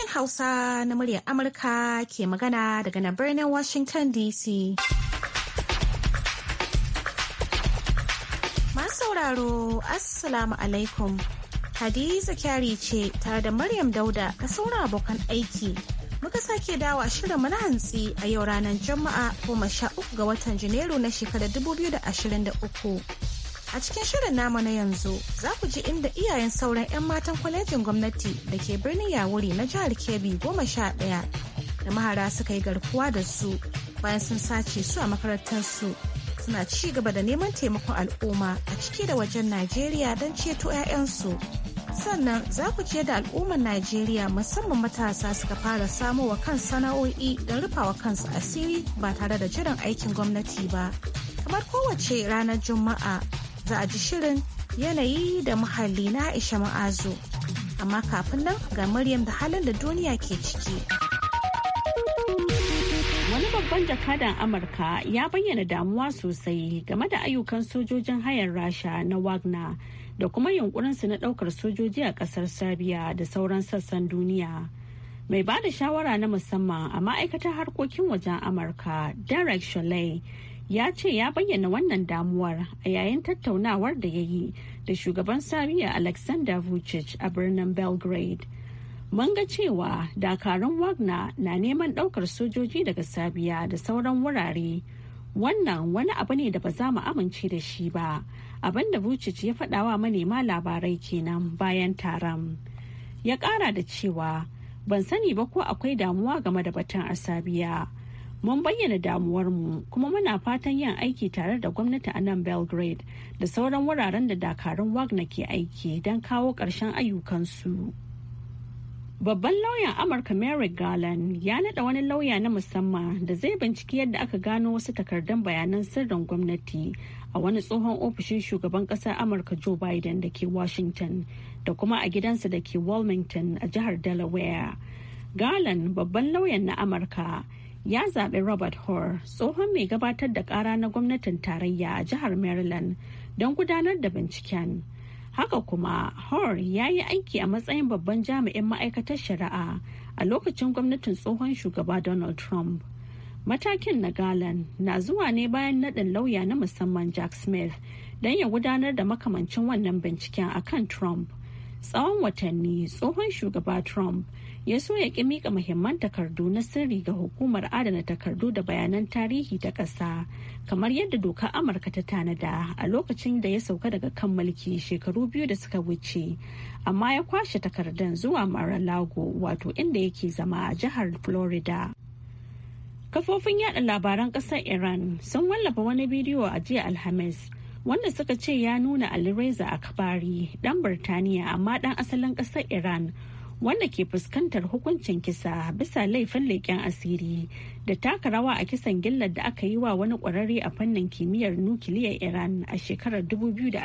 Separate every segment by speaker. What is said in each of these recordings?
Speaker 1: sashen Hausa na muryar Amurka ke magana daga na birnin Washington DC. Masu sauraro, Assalamu alaikum. Hadiza kyari ce tare da Maryam Dauda ka sauran abokan aiki. Muka sake dawa shirin na hantsi a yau ranar Juma'a goma sha uku ga watan Janairu na shekarar 2023. A cikin shirin namu na yanzu za ku ji inda iyayen sauran 'yan matan kwalejin gwamnati da ke birnin Yawuri na jihar Kebbi goma sha ɗaya da mahara suka yi garkuwa da su bayan sun sace su a makarantar su suna ci gaba da neman taimakon al'umma a ciki da wajen Najeriya don ceto 'ya'yansu. Sannan za ku ce da al'ummar Najeriya musamman matasa suka fara wa kan sana'o'i da rufawa kansu asiri ba tare da jiran aikin gwamnati ba. Kamar kowace ranar Juma'a za a ji shirin yanayi da muhalli na Aisha Ma'azu.
Speaker 2: Amma kafin nan ga Maryam da halin da duniya ke ciki. Wani babban jakadan Amurka ya bayyana damuwa sosai game da ayyukan sojojin hayar Rasha na Wagner da kuma yunkurinsu na ɗaukar sojoji a ƙasar Serbia da sauran sassan duniya. Mai ba da shawara na musamman a ma'aikatar harkokin wajen Amurka, Derek shalai ya ce ya bayyana wannan damuwar a yayin tattaunawar da ya yi da shugaban sariya alexander vucic a birnin belgrade mun ga cewa dakarun wagner na neman daukar sojoji daga sabiya da sauran wurare wannan wani abu ne da ba za mu amince da shi ba abin da vucic ya faɗawa manema labarai kenan bayan taron ya ƙara da cewa ban sani ba ko akwai damuwa game da batun asabiya mun bayyana damuwar mu kuma muna fatan yin aiki tare da gwamnati a nan belgrade da sauran wuraren da dakarun wagner ke aiki don kawo ƙarshen ayyukansu babban lauyan amurka merrick garland ya nada wani lauya na musamman da zai binciki yadda aka gano wasu takardun bayanan sirrin gwamnati a wani tsohon ofishin shugaban ƙasar amurka joe biden da ke washington da kuma a gidansa da ke wilmington a jihar delaware garland babban lauyan na amurka ya zaɓi Robert Hoare tsohon mai gabatar da ƙara na gwamnatin tarayya a jihar Maryland don gudanar da binciken. Haka kuma Hoare ya yi aiki a matsayin babban jami'in ma'aikatar shari'a a lokacin gwamnatin tsohon shugaba Donald Trump. Matakin na galan na zuwa ne bayan naɗin lauya na musamman Jack Smith don ya gudanar da makamancin wannan binciken a kan Trump. tsawon watanni tsohon shugaba trump ya so ya ƙi mika muhimman takardu na sirri ga hukumar adana takardu da bayanan tarihi ta ƙasa kamar yadda doka amurka ta tanada a lokacin da ya sauka daga kan mulki shekaru biyu da suka wuce amma ya kwashe takardan zuwa mar-a-lago wato inda yake zama a jihar florida kafofin yada labaran ƙasar iran sun wallafa wani bidiyo a jiya alhamis wanda suka ce ya nuna alireza akbari dan birtaniya amma dan asalin ƙasar iran wanda ke fuskantar hukuncin kisa bisa laifin leƙen asiri da taka rawa a kisan gillar da aka yi wa wani ƙwararre a fannin kimiyyar nukiliyar iran a shekarar 2020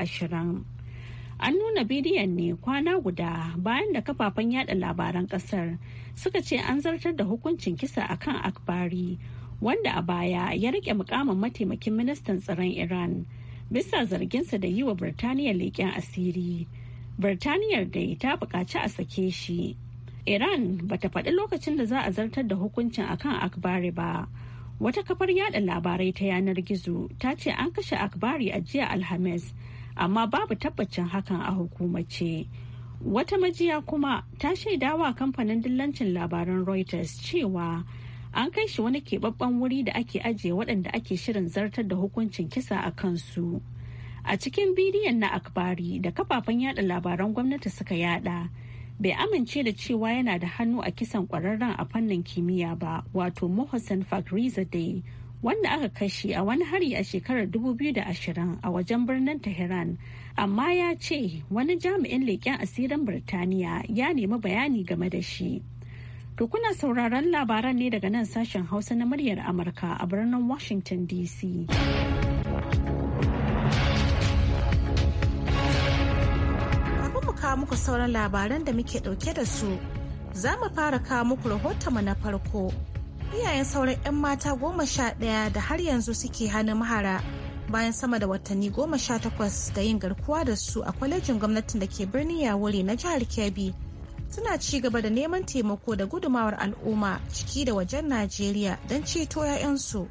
Speaker 2: an nuna bidiyon ne kwana guda bayan da kafafen yada labaran kasar suka ce an zartar da hukuncin kisa a kan akbari wanda a baya ya rike mukamin mataimakin ministan tsaron iran bisa zarginsa da yi wa Birtaniya leƙen asiri. Birtaniyar dai ta buƙaci a sake shi. Iran ba ta faɗi lokacin da za a zartar da hukuncin akan Akbari ba. Wata kafar yada labarai ta yanar gizo ta ce an kashe Akbari a jiya Alhamis, amma babu tabbacin hakan a hukumace. Wata majiya kuma ta shaidawa kamfanin dillancin labaran Reuters cewa an kai shi wani keɓaɓɓen wuri da ake ajiye waɗanda ake shirin zartar da hukuncin kisa a kansu a cikin bidiyon na akbari da kafafen yada labaran gwamnati suka yada bai amince da cewa yana da hannu a kisan kwararren a fannin kimiyya ba wato mohsen fakrizadeh wanda aka kashe a wani hari a shekarar 2020 a wajen birnin Tehran. Amma ya ce wani jami'in leƙen asirin Birtaniya ya nemi bayani game da shi. To kuna sauraron labaran ne daga nan sashen Hausa na muryar Amurka a birnin Washington DC. Abin mu kawo muku sauran labaran
Speaker 1: da muke ɗauke da su, za mu fara kawo muku rahotonmu na farko. Iyayen sauran 'yan mata goma sha ɗaya da har yanzu suke hana mahara bayan sama da watanni goma sha takwas da yin garkuwa da su a kwalejin gwamnatin da ke birnin Yawuri na jihar Kebbi. suna ci gaba da neman taimako da gudumawar al'umma ciki da wajen najeriya don ceto 'ya'yansu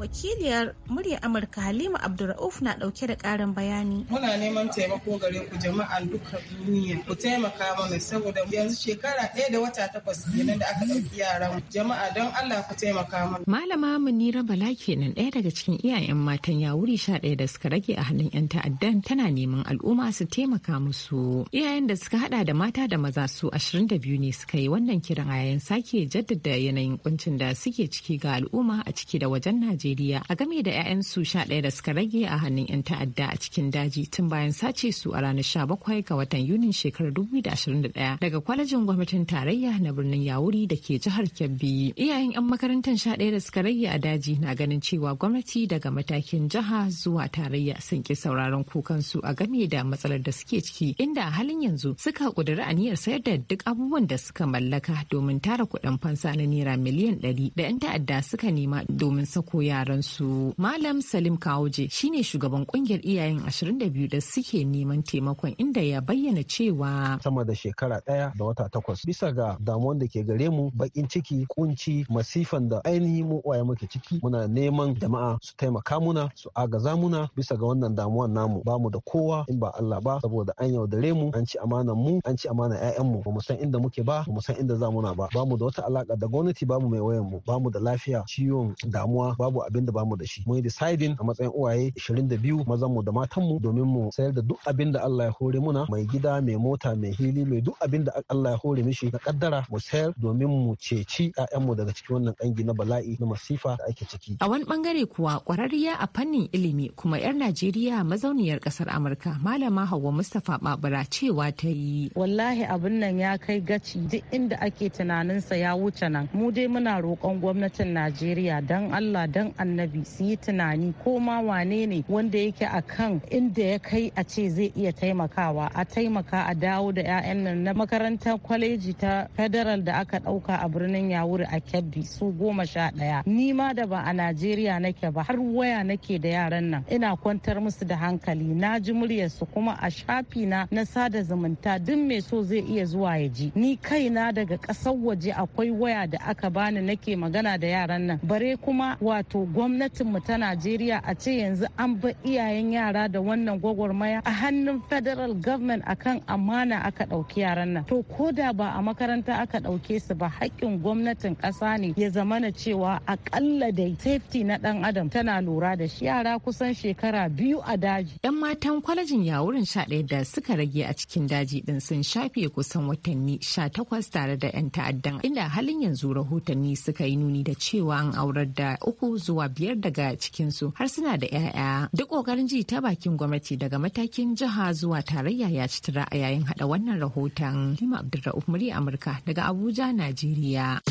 Speaker 1: wakiliyar muryar amurka halima abdulrauf na dauke da karin bayani
Speaker 3: muna neman taimako gare ku jama'a duka duniya ku taimaka mana saboda yanzu shekara ɗaya da wata takwas kenan da aka ɗauki yaran jama'a don allah ku taimaka mana
Speaker 4: malama munira bala kenan ɗaya daga cikin iyayen matan wuri sha ɗaya da suka rage a hannun yan ta'addan tana neman al'umma su taimaka musu iyayen da suka hada da mata da maza su ashirin da biyu ne suka yi wannan kiran a yayin sake jaddada yanayin kuncin da suke ciki ga al'umma a ciki da wajen najeriya Najeriya a game da 'ya'yansu sha ɗaya da suka rage a hannun 'yan ta'adda a cikin daji tun bayan sace su a ranar sha bakwai ga watan Yuni shekarar ɗaya daga kwalejin gwamnatin tarayya na birnin Yawuri da ke jihar Kebbi. Iyayen 'yan makarantar sha ɗaya da suka rage a daji na ganin cewa gwamnati daga matakin jiha zuwa tarayya sun ki sauraron kukansu a game da matsalar da suke ciki inda a halin yanzu suka ƙudiri aniyar sayar da duk abubuwan da suka mallaka domin tara kuɗin fansa na naira miliyan ɗari da 'yan ta'adda suka nema domin sako yara. yaransu. Malam Salim Kawoje shine shugaban kungiyar iyayen 22 da suke neman taimakon inda ya bayyana cewa
Speaker 5: sama da shekara ɗaya da wata takwas bisa ga damuwan da ke gare mu bakin ciki kunci masifan da ainihin mu waye muke ciki muna neman jama'a su taimaka muna su agaza muna bisa ga wannan damuwan namu ba mu da kowa in ba Allah ba saboda an yaudare mu an ci amanan mu an ci amanan ƴaƴan mu ba mu san inda muke ba ba mu san inda za muna ba Ba mu da wata alaka da gwamnati ba mu mai wayan mu Ba mu da lafiya ciwon damuwa babu abin da bamu da shi mun yi deciding a matsayin uwaye 22 mazan mu da matan mu domin mu sayar da duk abin da Allah ya hore muna mai gida mai mota mai hili mai duk abin da Allah ya hore mishi na kaddara mu sayar domin mu ceci mu daga cikin wannan kangi na bala'i na masifa da ake ciki a
Speaker 4: wani bangare kuwa kwararriya a fannin ilimi kuma yar Najeriya mazauniyar kasar Amurka malama Hauwa Mustafa Babura cewa ta yi wallahi
Speaker 6: abin nan ya kai gaci duk inda ake tunaninsa ya wuce nan mu dai muna roƙon gwamnatin Najeriya dan Allah dan annabi su yi tunani ko ma wane ne wanda yake a kan inda ya kai a ce zai iya taimakawa a taimaka a dawo da 'ya'yan nan na makarantar kwaleji ta federal da aka dauka a birnin yawuri a kebbi su goma sha daya ni ma da ba a najeriya nake ba har waya nake da yaran nan ina kwantar musu da hankali na ji muryarsu kuma a shafi na na sada zumunta duk mai so zai iya zuwa ya ji ni kaina daga ƙasar waje akwai waya da aka bani nake magana da yaran nan bare kuma wato wato gwamnatinmu ta najeriya a ce yanzu an bar iyayen yara da wannan gwagwarmaya a hannun federal government akan amana aka ɗauki yaran nan to ko da ba a makaranta aka ɗauke su ba haƙƙin gwamnatin ƙasa ne ya zama zamana cewa aƙalla da safety na ɗan adam tana lura da shi yara kusan shekara biyu
Speaker 4: a daji yan matan kwalejin yawurin sha ɗaya da suka rage a cikin daji ɗin sun shafe kusan watanni sha takwas tare da 'yan ta'addan inda halin yanzu rahotanni suka yi nuni da cewa an aurar da uku zuwa biyar daga cikinsu har suna da 'ya'ya duk ƙoƙarin ji ta bakin gwamnati daga matakin jiha zuwa tarayya ya ci tura a yayin hada wannan rahoton lima abdulra'uf murya amurka daga abuja najeriya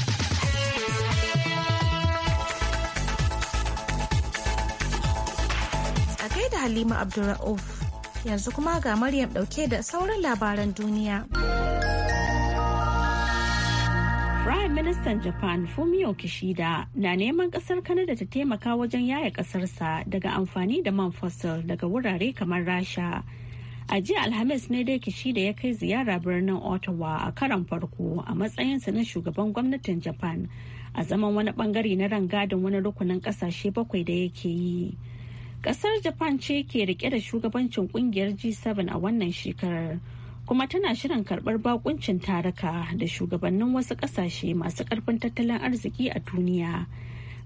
Speaker 4: a da
Speaker 1: halima abdulra'uf yanzu kuma ga maryam ɗauke da sauran labaran duniya.
Speaker 2: Prime Minister Japan Fumio Kishida na neman kasar kanada ta taimaka wajen yaya kasarsa daga amfani da man fossil daga wurare kamar Rasha. A jiya Alhamis ne dai Kishida ya kai ziyara birnin Ottawa a karan farko a matsayinsa na shugaban gwamnatin Japan a zaman wani bangare na rangadin wani rukunin kasashe bakwai da yake yi. Kasar Japan ce ke rike da shugabancin kungiyar G7 a wannan shekarar. kuma tana shirin karbar bakuncin taraka da shugabannin wasu kasashe masu karfin tattalin arziki a duniya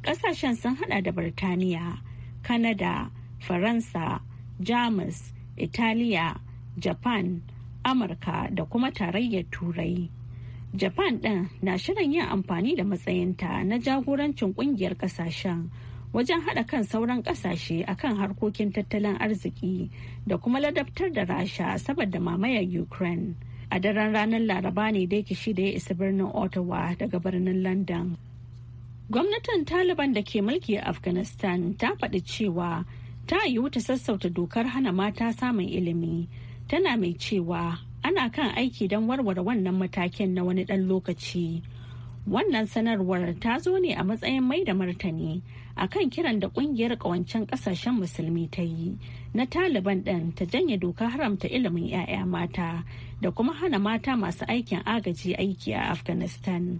Speaker 2: kasashen sun hada da birtaniya kanada faransa jamus italiya japan amurka da kuma tarayyar turai japan ɗin na shirin yin amfani da matsayinta na jagorancin kungiyar kasashen wajen haɗa kan sauran ƙasashe kan harkokin tattalin arziki da kuma ladabtar da rasha saboda mamayar ukraine a daren ranar laraba ne da yake shida ya isa birnin ottawa daga birnin london gwamnatin taliban da ke mulki a afghanistan ta faɗi cewa ta yiwu ta sassauta dokar hana mata samun ilimi tana mai cewa ana kan aiki don warware wannan matakin na wani ɗan lokaci wannan sanarwar ta zo ne a matsayin mai da martani a kan kiran da kungiyar kawancen kasashen musulmi ta yi na taliban ɗin ta janye doka haramta ilimin 'ya'ya mata da kuma hana mata masu aikin agaji aiki a afghanistan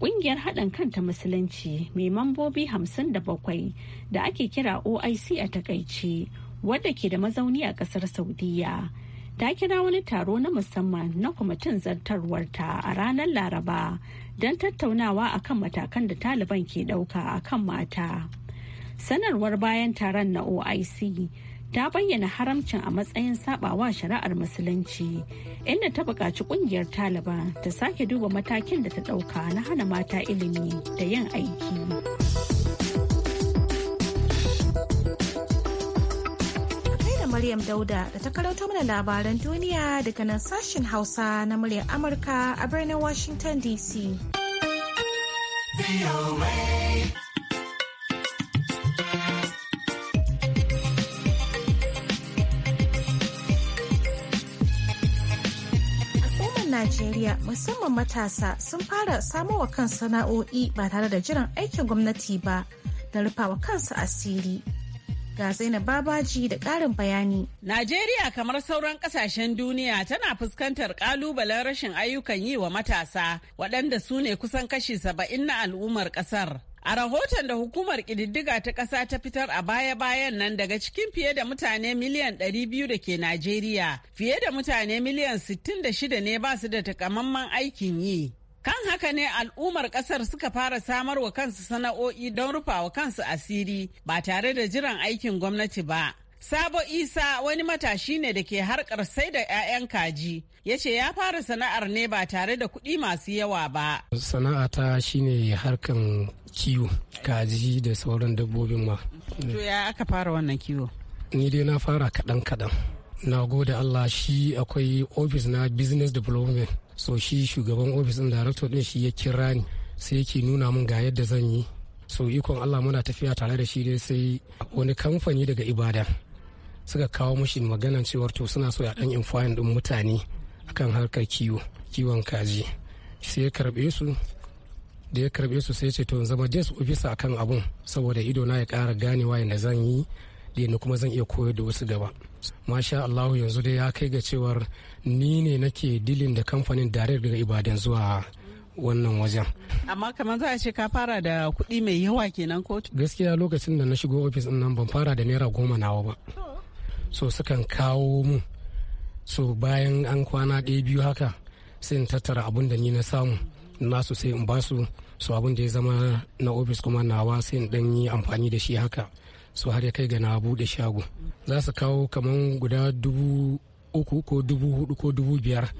Speaker 2: Ƙungiyar haɗin kanta musulunci mai mambobi 57 da ake kira oic a takaice wadda ke da mazauni a ƙasar saudiya ta kira wani taro na musamman na kwamitin zartarwarta a ranar laraba don tattaunawa a kan matakan da taliban ke ɗauka akan mata sanarwar bayan taron na oic ta bayyana haramcin a matsayin sabawa shari'ar musulunci inda ta buƙaci ƙungiyar taliban ta sake duba matakin da ta ɗauka na hana mata ilimi da yin aiki.
Speaker 1: Maryam Dauda da ta karanto mana labaran duniya daga nan sashen Hausa na muryar Amurka a birnin Washington DC. Najeriya musamman matasa sun fara samowa kan sana'o'i ba tare da jiran aikin gwamnati ba da rufawa kansu asiri. Ga Zainab Babaji da ƙarin
Speaker 3: bayani. Najeriya kamar sauran ƙasashen duniya tana fuskantar ƙalubalen rashin ayyukan yi wa matasa waɗanda su ne kusan kashi saba'in na al'ummar ƙasar. A rahoton da hukumar ƙididdiga ta ƙasa ta fitar a baya-bayan nan daga cikin fiye da mutane miliyan 200 da ke Najeriya, fiye da mutane miliyan 66 ne ba su da takamaiman aikin yi. Kan haka ne al'ummar ƙasar suka fara samar wa kansu sana'o'i don wa kansu asiri ba tare da jiran aikin gwamnati ba. Sabo Isa wani matashi ne da ke harkar sai da 'ya'yan kaji ya ce ya fara sana'ar ne ba tare da kuɗi masu yawa ba.
Speaker 7: Sana'ata shine harkan kiwo kaji da sauran dabbobin ma. To ya aka fara wannan kiwo? Ni dai na fara kaɗan kaɗan. Na gode Allah shi akwai ofis na business development so shi shugaban ofis ɗin director ɗin shi ya kira ni sai yake nuna min ga yadda zan yi so ikon allah muna tafiya tare da shi dai sai wani kamfani daga ibadan suka kawo mashi maganan cewar to suna so ya dan infayin din mutane akan harkar kiwo kiwon kaji sai ya karbe su da ya karbe su sai ce to zama desk officer akan abun saboda ido na ya kara ganewa yadda zan yi da kuma zan iya koyar da wasu gaba masha Allah yanzu dai ya kai ga cewar ni ne nake dilin da kamfanin direct daga ibadan zuwa wannan wajen. Amma kamar za a ce ka fara da kuɗi mai yawa kenan kotu? Gaskiya lokacin da na shigo ofis nan ban fara da naira goma nawa ba. So sukan kawo mu. So bayan an kwana ɗaya biyu haka sai in tattara abin da ni na samu. su sai in basu so abin da ya zama na ofis kuma nawa sai in ɗan yi amfani da shi haka. su har ya kai ga na buɗe shago za su kawo kamar guda dubu uku ko dubu hudu ko dubu biyar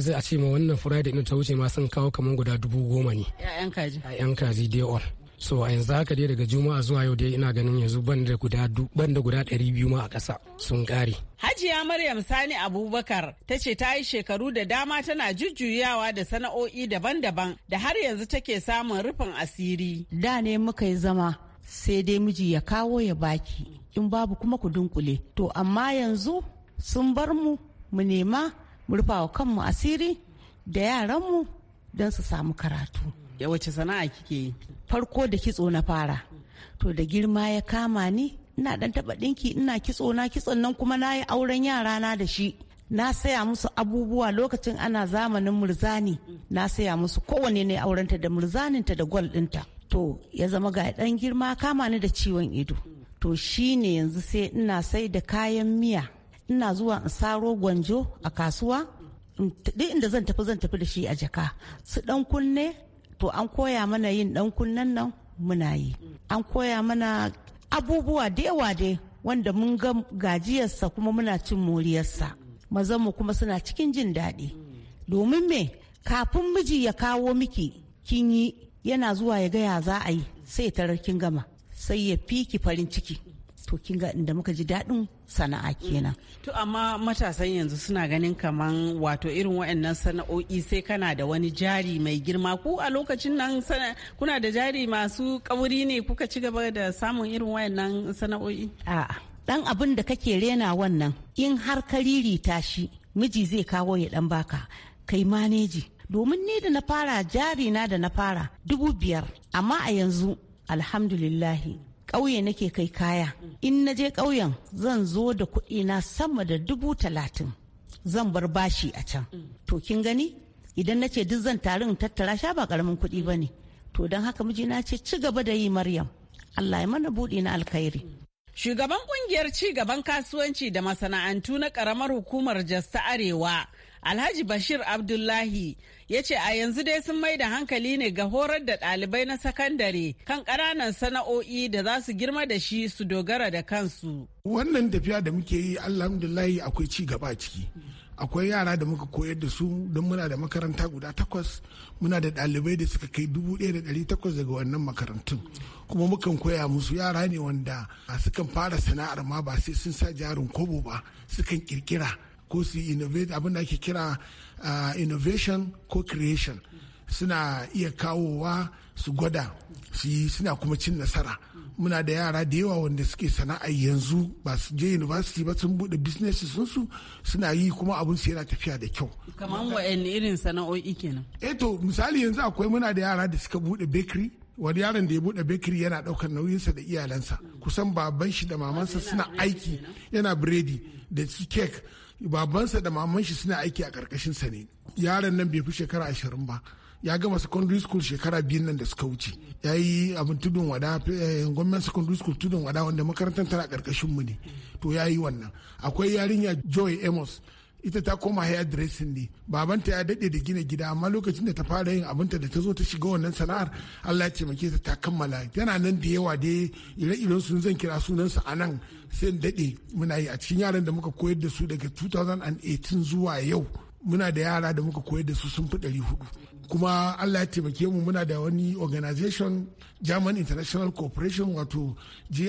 Speaker 7: sai a ce ma wannan friday din ta wuce ma sun kawo kamar guda dubu goma ne
Speaker 3: a yan
Speaker 7: kaji day all so a yanzu haka dai daga juma'a zuwa yau dai ina ganin yanzu ban da guda ban da guda ɗari biyu ma a ƙasa sun ƙare.
Speaker 3: hajiya maryam sani abubakar ta ce ta yi shekaru da dama tana jujjuyawa da sana'o'i daban-daban da har yanzu take samun rufin asiri da
Speaker 8: ne muka yi zama sai dai miji ya kawo ya baki in babu kuma ku dunkule to amma yanzu sun bar mu mu nema mu rufawa kanmu asiri da yaranmu don su samu karatu
Speaker 3: ya wace sana'a kike yi
Speaker 8: farko da kitso na fara to da girma ya kama ni ina dan taba dinki ina kitso na kitson nan kuma na yi auren yara na da shi na saya musu abubuwa lokacin ana zamanin murzani na saya musu kowane ne aurenta da murzaninta da gwal dinta to ya zama ga dan girma kama ni da ciwon ido to shine yanzu sai ina sai da kayan miya ina zuwa in saro gwanjo a kasuwa duk inda zan tafi zan tafi da shi a jaka su dan kunne to an koya mana yin dan kunnen nan muna yi an koya mana abubuwa da yawa dai wanda mun ga gajiyarsa kuma muna cin moriyarsa mazanmu kuma suna cikin jin daɗi domin me kafin miji ya kawo miki kin yi yana zuwa ya gaya za a yi sai tarar kin gama sai ya fiki farin ciki to kin ga inda muka ji daɗin sana'a kenan.
Speaker 3: Mm. To amma matasan yanzu suna ganin kaman wato irin waɗannan sana'o'i sai kana da wani jari mai girma ku a lokacin nan kuna da jari masu kauri ne kuka ci gaba da samun irin waɗannan sana'o'i? A'a dan abin da kake
Speaker 8: rena wannan in har kariri tashi miji zai kawo ya dan baka kai maneji domin ni da na fara jari na da na fara dubu biyar amma a yanzu alhamdulillahi ƙauye nake kai kaya in na je ƙauyen zan zo da kuɗi na sama da dubu talatin zan bar bashi a can to kin gani idan na ce duk zan tarin tattara sha ba ƙaramin kuɗi ba ne to don haka na ce ci gaba da
Speaker 3: yi maryam allah ya mana buɗe na alkhairi Shugaban kungiyar ci gaban kasuwanci da masana'antu na karamar hukumar jasta Arewa, Alhaji Bashir Abdullahi ya ce a yanzu dai sun mai da hankali ne ga horar da ɗalibai na sakandare kan ƙananan sana'o'i da za su girma da shi su dogara da kansu.
Speaker 9: Wannan tafiya da muke yi alhamdullahi akwai ci gaba ciki. Akwai yara da muka koyar da su don muna da makaranta guda takwas muna da ɗalibai da suka kai dubu ɗaya da ɗari takwas daga wannan makarantun. Kuma mukan koya musu yara ne wanda sukan fara sana'ar ma ba sai sun sa jarin kobo ba sukan ƙirƙira. ko su innovate abinda ake kira innovation ko creation suna iya kawowa su gwada su yi suna kuma cin nasara muna da yara da yawa wanda suke sana'a yanzu ba su je university ba sun bude business sun su suna yi kuma abun su yana tafiya da kyau
Speaker 3: kamar wa'anne irin sana'o'i kenan
Speaker 9: eh to misali yanzu akwai muna da yara da suka bude bakery wani yaron da ya bude bakery yana daukar nauyinsa da iyalansa kusan baban shi da mamansa suna aiki yana biredi da su cake babansa da maman shi suna aiki a karkashin sa ne yaron nan bai fi shekara ashirin ba ya gama secondary school shekara biyun nan da suka wuce ya yi abin tudun wada eh, gwamnan secondary school tudun wada wanda makarantar tana karkashin mu ne to ya yi wannan akwai yarinya joy amos ita ta koma hair dressing ne babanta ya daɗe da gina gida amma lokacin da ta fara yin abinta da ta zo ta shiga wannan sana'ar Allah ya taimake ta ta kammala yana nan da yawa dai ire-iren sun zan kira sunansa a nan sai daɗe muna yi a cikin yaran da muka koyar da su daga 2018 zuwa yau muna da yara da muka koyar da su sun fi ɗari hudu kuma allah ya taimake mu muna da wani organization german international corporation wato giz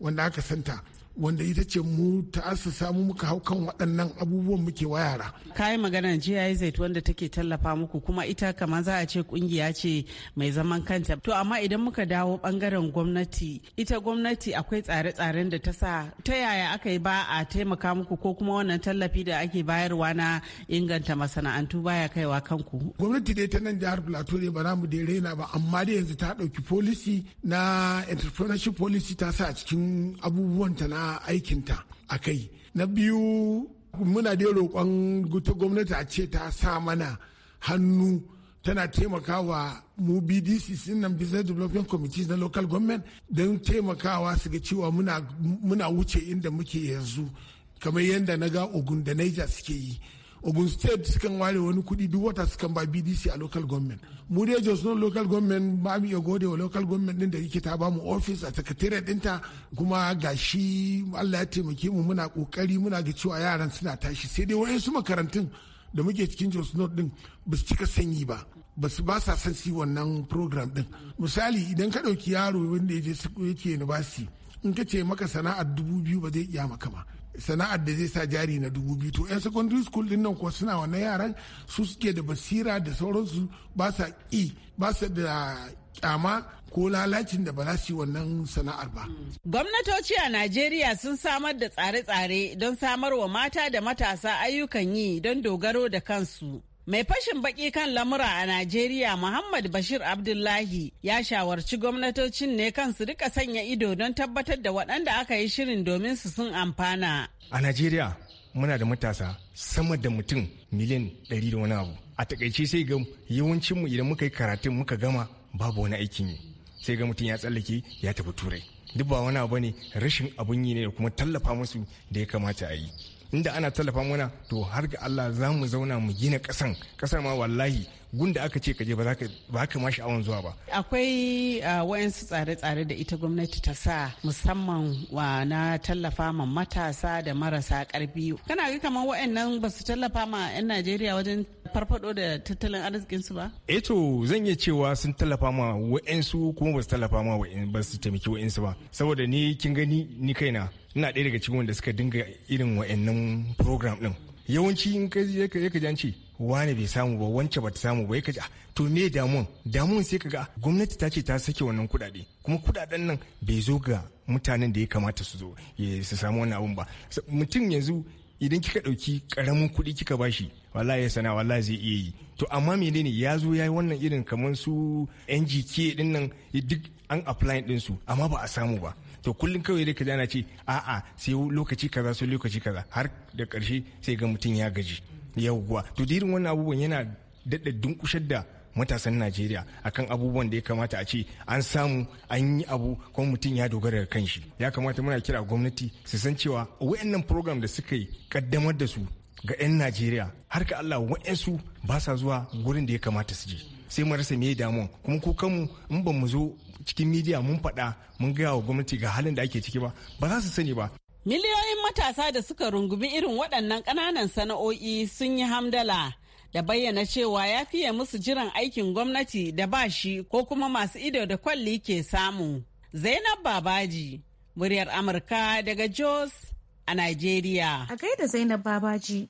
Speaker 9: wanda aka santa wanda ita ce mu ta asasa mu muka hau kan waɗannan abubuwan muke wa yara.
Speaker 3: Kayan magana GIZ wanda take tallafa muku kuma ita kama za a ce kungiya ce mai zaman kanta. To amma idan muka dawo bangaren gwamnati, ita gwamnati akwai tsare-tsaren da ta sa ta yaya aka yi ba a taimaka muku ko kuma wannan tallafi da ake bayarwa na inganta masana'antu baya
Speaker 9: kaiwa kanku. Gwamnati dai ta nan jihar Plateau ne ba mu dai raina ba amma dai yanzu ta ɗauki policy na entrepreneurship policy ta sa a cikin ta na aikinta a kai na biyu muna da roƙon ta gwamnati a ce ta sa mana hannu tana taimakawa mu bdc nan business development committees na local government don taimakawa su ga cewa muna, wuce inda muke yanzu kamar yadda na ga ogun da niger suke yi ogun state sukan ware wani kudi duk wata sukan ba bdc a local government mu dai jos non local government ba mu iya gode wa local government din da yake ta ba mu office a secretariat dinta kuma gashi allah ya taimake mu muna kokari muna ga cewa yaran suna tashi sai dai su makarantun da muke cikin jos north din ba su cika sanyi ba ba su ba sa son si wannan program din misali idan ka dauki yaro wanda ya yake university in ka ce maka sana'ar dubu biyu ba zai iya maka ba sana'ar da zai sa jari na dubu biyu to yan secondary school din nan kuwa suna wannan yaran su suke da basira da sauransu ba sa ƙi ba sa da kyama ko lalacin da ba za su yi wannan sana'ar ba.
Speaker 3: Gwamnatoci a Najeriya sun samar da tsare-tsare don samar wa mata da matasa ayyukan yi don dogaro da kansu. Mai fashin baki kan lamura a Najeriya Muhammad Bashir Abdullahi ya shawarci gwamnatocin ne kansu rika sanya ido don tabbatar da waɗanda aka yi shirin domin su sun amfana.
Speaker 5: A Najeriya muna da matasa sama da mutum miliyan ɗari da wani abu. A takaice sai ga yawancinmu idan muka yi karatun muka gama babu wani aikin yi. Sai ga mutum ya tsallake ya tafi turai. Duk ba wani abu ne rashin abun yi ne da kuma tallafa musu da ya kamata a yi. inda ana tallafa mana to har ga Allah za mu zauna mu gina kasan kasar ma wallahi gunda aka ce kaje ba za ka ma awon zuwa ba
Speaker 3: akwai wayansu tsare-tsare da ita gwamnati ta sa musamman wa na tallafa ma matasa da marasa karfi kana ga kamar wayannan ba su tallafa ma 'yan Najeriya wajen farfado da tattalin arzikinsu ba?
Speaker 5: Eh to zan iya cewa sun tallafa ma wa'ensu kuma ba su tallafa ma ba su taimaki wa'ensu ba. Saboda ni kin gani ni kaina ina ɗaya daga cikin wanda suka dinga irin wa'annan program ɗin yawanci in ka je ka janci wani bai samu ba wance ba ta samu ba ya ah, to me damuwan damuwan sai ka ga ah, gwamnati ta ce ta sake wannan kuɗaɗe kuma kuɗaɗen nan bai zo ga mutanen da ya kamata su zo su samu wannan abun ba mutum yanzu idan kika ɗauki ƙaramin kuɗi kika bashi wallahi ya sana wallahi zai iya yi to amma ne ya zo ya yi wannan irin kamar su ngk ɗin nan duk an apply ɗinsu amma ba a samu ba to kullum kawai dai ka ana ce a'a sai lokaci kaza sai lokaci kaza har da karshe sai ga mutum ya gaji yawwa to dirin wannan abubuwan yana daɗa dunkushar da matasan Najeriya akan abubuwan da ya kamata a ce an samu an yi abu ko mutum ya dogara da kanshi ya kamata muna kira gwamnati su san cewa wayannan program da suka yi kaddamar da su ga 'yan Najeriya har ka Allah wayansu ba sa zuwa gurin da ya kamata su je sai mu rasa me damuwa kuma ko kanmu in ba mu zo cikin midiya mun faɗa mun gaya wa gwamnati ga halin da ake ciki ba ba za su sani ba
Speaker 3: miliyoyin matasa da suka rungumi irin waɗannan ƙananan sana'o'i sun yi hamdala da bayyana cewa ya fiye musu jiran aikin gwamnati da ba shi ko kuma masu ido da kwalli ke samu zainab babaji muryar amurka daga jos a Najeriya. a gaida zainab babaji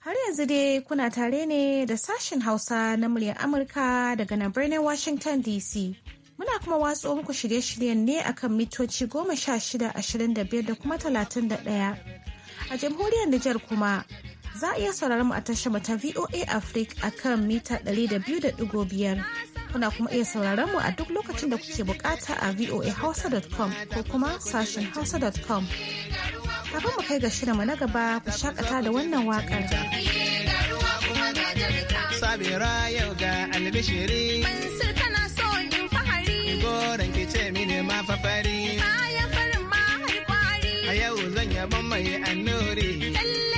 Speaker 1: Har yanzu dai kuna tare ne da sashen Hausa na muryar Amurka daga nan birnin Washington DC. Muna kuma watso muku shirye-shiryen ne akan mitoci goma sha shida ashirin da biyar da kuma talatin da ɗaya. A jamhuriyar Nijar kuma za a iya sauraron mu a tashar ta VOA Africa a kan mita ɗari da biyu da ɗigo biyar. Kuna kuma iya sauraron mu a duk lokacin da kuke bukata a voahausa.com ko kuma sashen hausa.com. Kafin mu kai ga shirin mu na gaba ku shakata da wannan waƙar.
Speaker 10: Sabira yau ga albishiri.
Speaker 11: ki goron
Speaker 10: ki ce mini ma fari
Speaker 11: Kayan farin ma har kwari.
Speaker 1: A
Speaker 10: yau zan yaban mai annuri. Lalle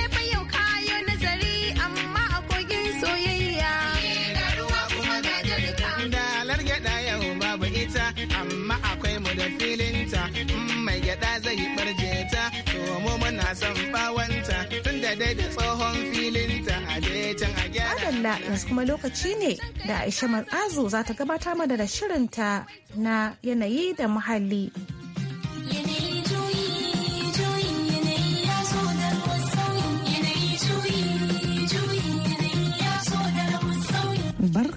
Speaker 10: mai gyada zai barje ta to mu muna son bawanta tun da dai da tsohon filinta a can a gyara adalla yanzu
Speaker 1: kuma lokaci ne da aisha ma'azu za ta gabatar mana da shirinta na yanayi da muhalli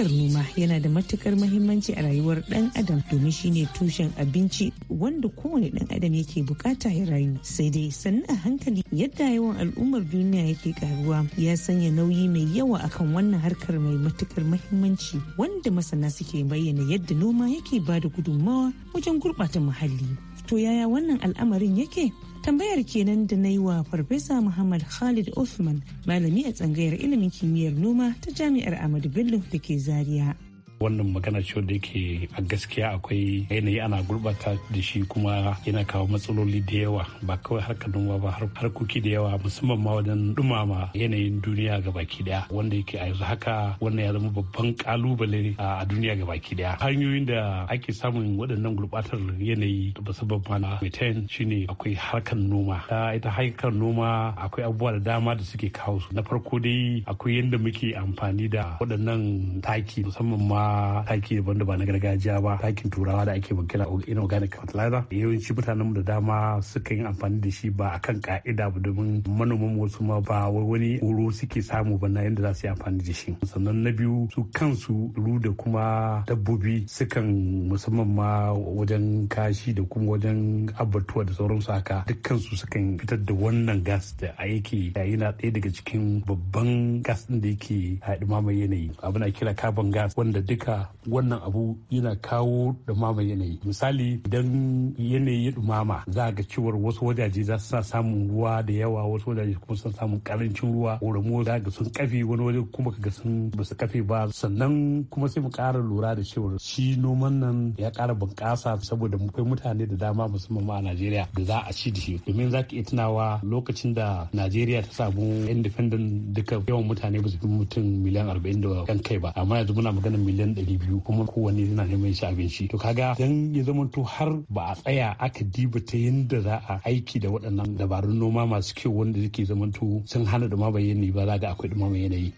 Speaker 11: harkar noma yana da matukar mahimmanci a rayuwar dan adam domin shine tushen abinci wanda kowane dan adam yake bukata ya rayu sai dai sannan a hankali yadda yawan al'ummar duniya yake karuwa ya sanya nauyi mai yawa akan wannan harkar mai matukar mahimmanci wanda masana suke bayyana yadda noma yake bada gudummawa wajen gurbata muhalli to yaya wannan al'amarin yake tambayar kenan da na yi wa farfesa muhammad khalid othman malami a tsangayar ilimin kimiyyar noma ta jami'ar ahmadu bello da ke zaria
Speaker 12: wannan magana cewa da yake a gaskiya akwai yanayi ana gurbata da shi kuma yana kawo matsaloli da yawa ba kawai harkar noma ba harkoki da yawa musamman ma wajen dumama yanayin duniya ga baki daya wanda yake a yanzu haka wannan ya zama babban kalubale a duniya ga baki daya hanyoyin da ake samun waɗannan gurbatar yanayi da musamman ma na methane shine akwai harkar noma ta ita harkar noma akwai abubuwa da dama da suke kawo su na farko dai akwai yanda muke amfani da waɗannan taki musamman ma taki daban da ba na gargajiya ba takin turawa da ake gane inorganic fertilizer yawanci mutanen mu da dama sukan yi amfani da shi ba akan ka'ida ba domin manoman wasu ma ba wani horo suke samu ba na yadda za su yi amfani da shi sannan na biyu su kansu ru da kuma dabbobi sukan musamman ma wajen kashi da kuma wajen abbatuwa da sauransu haka dukkansu sukan fitar da wannan gas da yake yana ɗaya daga cikin babban gas ɗin da yake haɗu mamaye yanayi abin a kira carbon gas wanda duk ka wannan abu yana kawo dumama yanayi misali idan yanayi ya dumama za ga cewar wasu wajaje za su samun ruwa da yawa wasu wajaje kuma sun samun karancin ruwa oromo za ga sun kafe wani waje kuma ga sun ba su kafe ba sannan kuma sai mu kara lura da cewar shi noman nan ya kara bunƙasa saboda mu kai mutane da dama musamman ma a najeriya da za a ci da shi domin za ka iya tunawa lokacin da najeriya ta samu independent duka yawan mutane ba su fi mutum miliyan arba'in da kan kai ba amma yanzu muna magana miliyan mutane ɗari biyu kuma kowanne yana neman shi abinci to kaga dan ya zamanto har ba a tsaya aka diba ta yadda za a aiki da waɗannan dabarun noma masu kyau wanda suke zamanto sun hana dumama yanayi ba za ga akwai dumama yanayi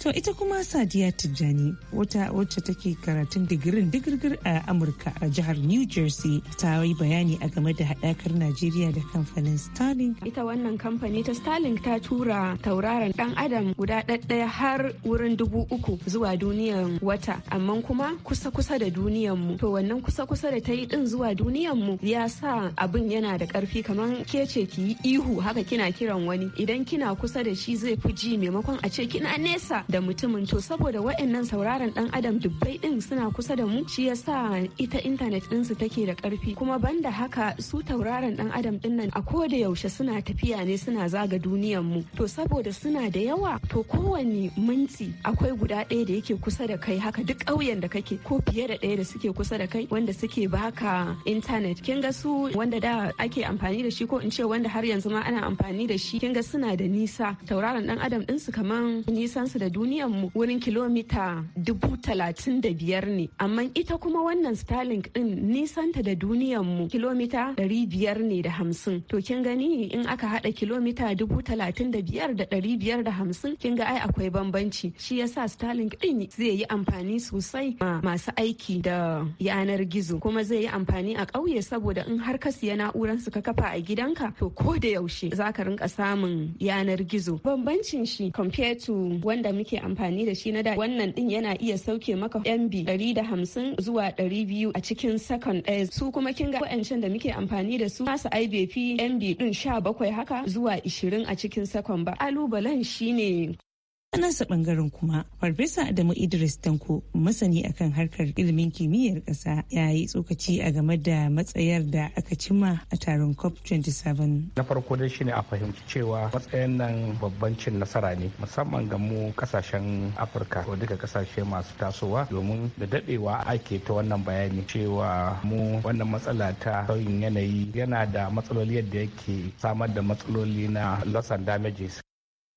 Speaker 11: To ita kuma Sadiya Tijjani wata wacce take karatun digirin digirgir a Amurka a jihar New Jersey ta yi bayani a game da haɗakar Najeriya da kamfanin
Speaker 13: Starlink. Ita wannan kamfani ta Starlink ta tura tauraron ɗan adam guda ɗaɗɗaya har wurin dubu uku zuwa duniyan wata amma kuma kusa kusa da duniyan mu. To wannan kusa kusa da ta yi ɗin zuwa duniyan mu ya sa abin yana da karfi kamar ke ce ki yi ihu haka kina kiran wani idan kina kusa da shi zai fi ji maimakon a ce kina nesa da mutumin to saboda wa'annan sauraron dan adam dubbai din suna kusa da mu shi yasa ita intanet din su take da karfi kuma banda haka su tauraron dan adam din nan a koda yaushe suna tafiya ne suna zaga duniyan mu to saboda suna da yawa to kowane minti akwai guda ɗaya da yake kusa da kai haka duk ƙauyen da kake ko fiye da ɗaya da suke kusa da kai wanda suke baka intanet kin ga su wanda da ake amfani da shi ko in ce wanda har yanzu ma ana amfani da shi kin ga suna da nisa tauraron dan adam din su kaman nisan su da duniyar mu wurin kilomita dubu talatin da biyar ne amma ita kuma wannan starlink din nisanta da duniyar mu kilomita ɗari biyar ne da hamsin to kin gani in aka haɗa kilomita dubu talatin da biyar da ɗari biyar da hamsin kin ga ai akwai bambanci shi yasa starlink din zai yi amfani sosai ma masu aiki da yanar gizo kuma zai yi amfani a ƙauye saboda in har ka siya na'uran su ka kafa a gidanka to ko da yaushe za ka rinka samun yanar gizo bambancin shi compared to wanda muke amfani da shi na da wannan din yana iya sauke maka MB hamsin zuwa biyu a cikin second ɗaya su kuma kin ga wa'ancan da muke amfani da su masu IBP MB din bakwai haka zuwa 20 a cikin second ba. Kalubalen shine
Speaker 11: a sa bangaren kuma farfesa adamu idris tanko masani akan harkar ilimin kimiyyar ƙasa ya yi tsokaci a game da matsayar da aka cimma a taron cop
Speaker 10: 27 na farko dai shine a fahimci cewa matsayin nan babban cin nasara ne musamman ga mu kasashen afirka ko duka kasashe masu tasowa domin da dadewa ake ta wannan bayani cewa mu wannan matsala ta sauyin yanayi yana da matsaloli yadda yake samar da matsaloli na loss and damages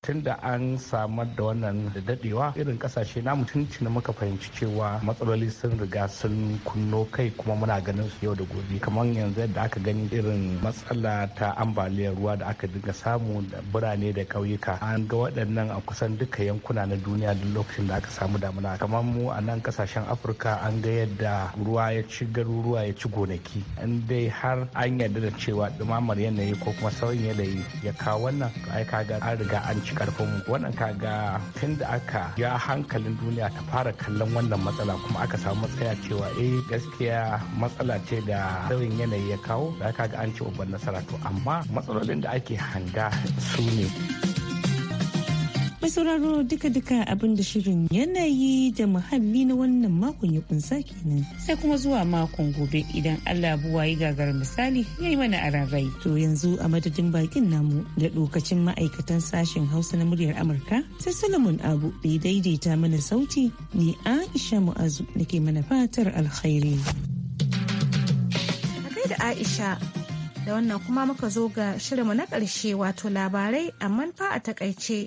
Speaker 10: tun da an samar da wannan da dadewa irin kasashe namu tun muka fahimci cewa matsaloli sun riga sun kunno kai kuma muna ganin su yau da gobe kamar yanzu da aka gani irin matsala ta ambaliyar ruwa da aka dinga samu da birane da kauyuka an ga waɗannan a kusan duka yankuna na duniya duk lokacin da aka samu damuna kamar mu a nan kasashen afirka an ga yadda ruwa ya ci garuruwa ya ci gonaki in dai har an yarda da cewa ɗumamar yanayi ko kuma sauyin yanayi ya kawo wannan ai kaga an riga an ci karfin wannan kaga tun da aka ya hankalin duniya ta fara kallon wannan matsala kuma aka samu matsaya cewa eh gaskiya matsala ce da sauyin yanayi ya kawo da aka ga an ci babban nasara to amma matsalolin da ake hanga su ne.
Speaker 11: Mai sauraro duka-duka abin da shirin yanayi da muhalli na wannan makon ya kunsa kenan sai kuma zuwa makon gobe idan allah buwa yi gagar misali ya yi mana a to yanzu a madadin bakin namu da lokacin ma'aikatan sashen hausa na muryar amurka sai solomon abu da ya daidaita mana sauti ni aisha mu'azu da ke mana fatar alkhairi
Speaker 1: da aisha da wannan kuma muka zo ga shirinmu na ƙarshe wato labarai amma fa a takaice.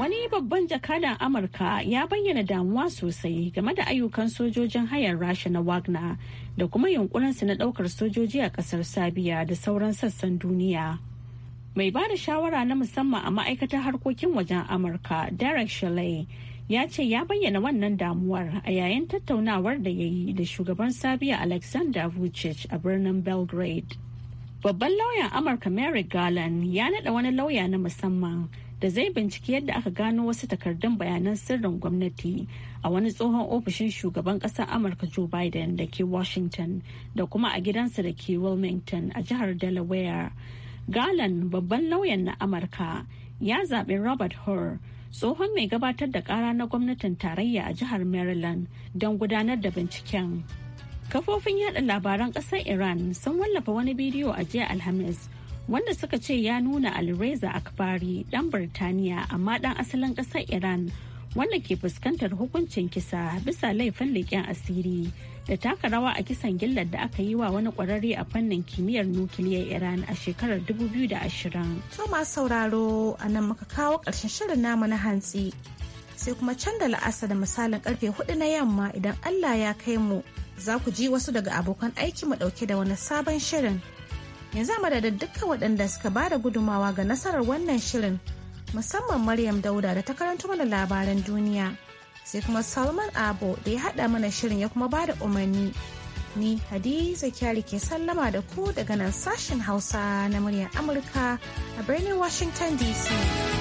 Speaker 2: Wani babban jakadan Amurka ya bayyana damuwa sosai game da ayyukan sojojin hayar Rasha na Wagner da kuma yunkurinsu na ɗaukar sojoji a ƙasar Sabiya da sauran sassan duniya. Mai bada shawara na musamman a ma'aikatar harkokin wajen Amurka, Derek Shalay, ya ce ya bayyana wannan damuwar a yayin tattaunawar da ya yi da shugaban Sabiya Alexander Vucic a birnin Belgrade. Babban lauyan Amurka Merrick Garland ya naɗa wani lauya na musamman da zai binciki yadda aka gano wasu takardun bayanan sirrin gwamnati a wani tsohon ofishin shugaban ƙasar amurka joe biden da ke washington da kuma a gidansa da ke wilmington a jihar delaware galan babban lauyan na amurka ya zaɓi robert hur tsohon mai gabatar da ƙara na gwamnatin tarayya a jihar maryland don gudanar da binciken kafofin yada labaran ƙasar iran sun wallafa wani bidiyo a jiya alhamis wanda suka ce ya nuna alreza akbari dan birtaniya amma dan asalin kasar iran wanda ke fuskantar hukuncin kisa bisa laifin leƙen asiri da taka rawa a kisan gillar da aka yi wa wani kwararre a fannin kimiyyar nukiliyar iran a shekarar 2020 to masu sauraro
Speaker 1: a nan muka kawo ƙarshen shirin namu na hantsi sai kuma can da la'asa da misalin karfe hudu na yamma idan allah ya kai mu za ku ji wasu daga abokan aiki mu dauke da wani sabon shirin yanzu a madadin dukkan waɗanda suka ba da gudumawa ga nasarar wannan shirin musamman maryam dauda da ta karanto mana labaran duniya sai kuma salman abo da ya haɗa mana shirin ya kuma ba da umarni ni hadiza kyari ke sallama da ku daga nan sashen hausa na muryar amurka a birnin washington dc